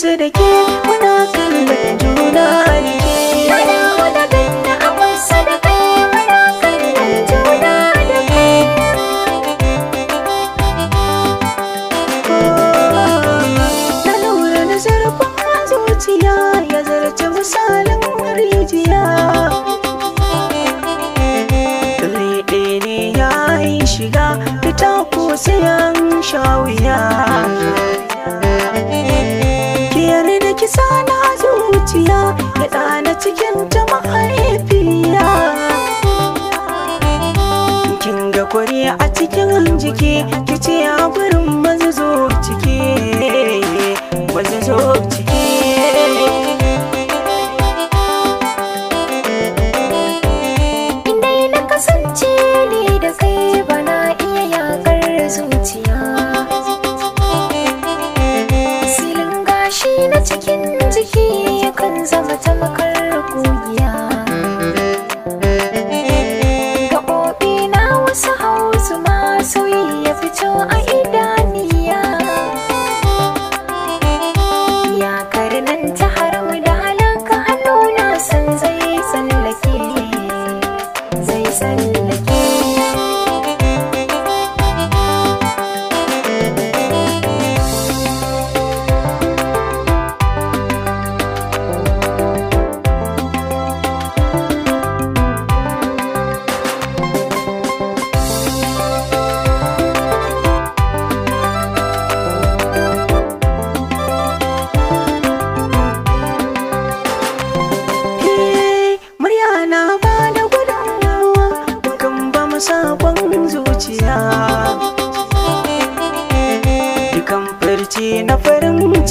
su da ke muna kallon juna a da mana wani ganna akwai sadaka muna kallon juna a rike na lura da zarafin zuciya ya zarce misalin rijiya Shiga fita ko sai an a cikin ta mahaifiya kin ga kuri a cikin jiki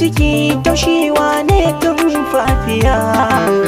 ciki taushewa ne tun fafiya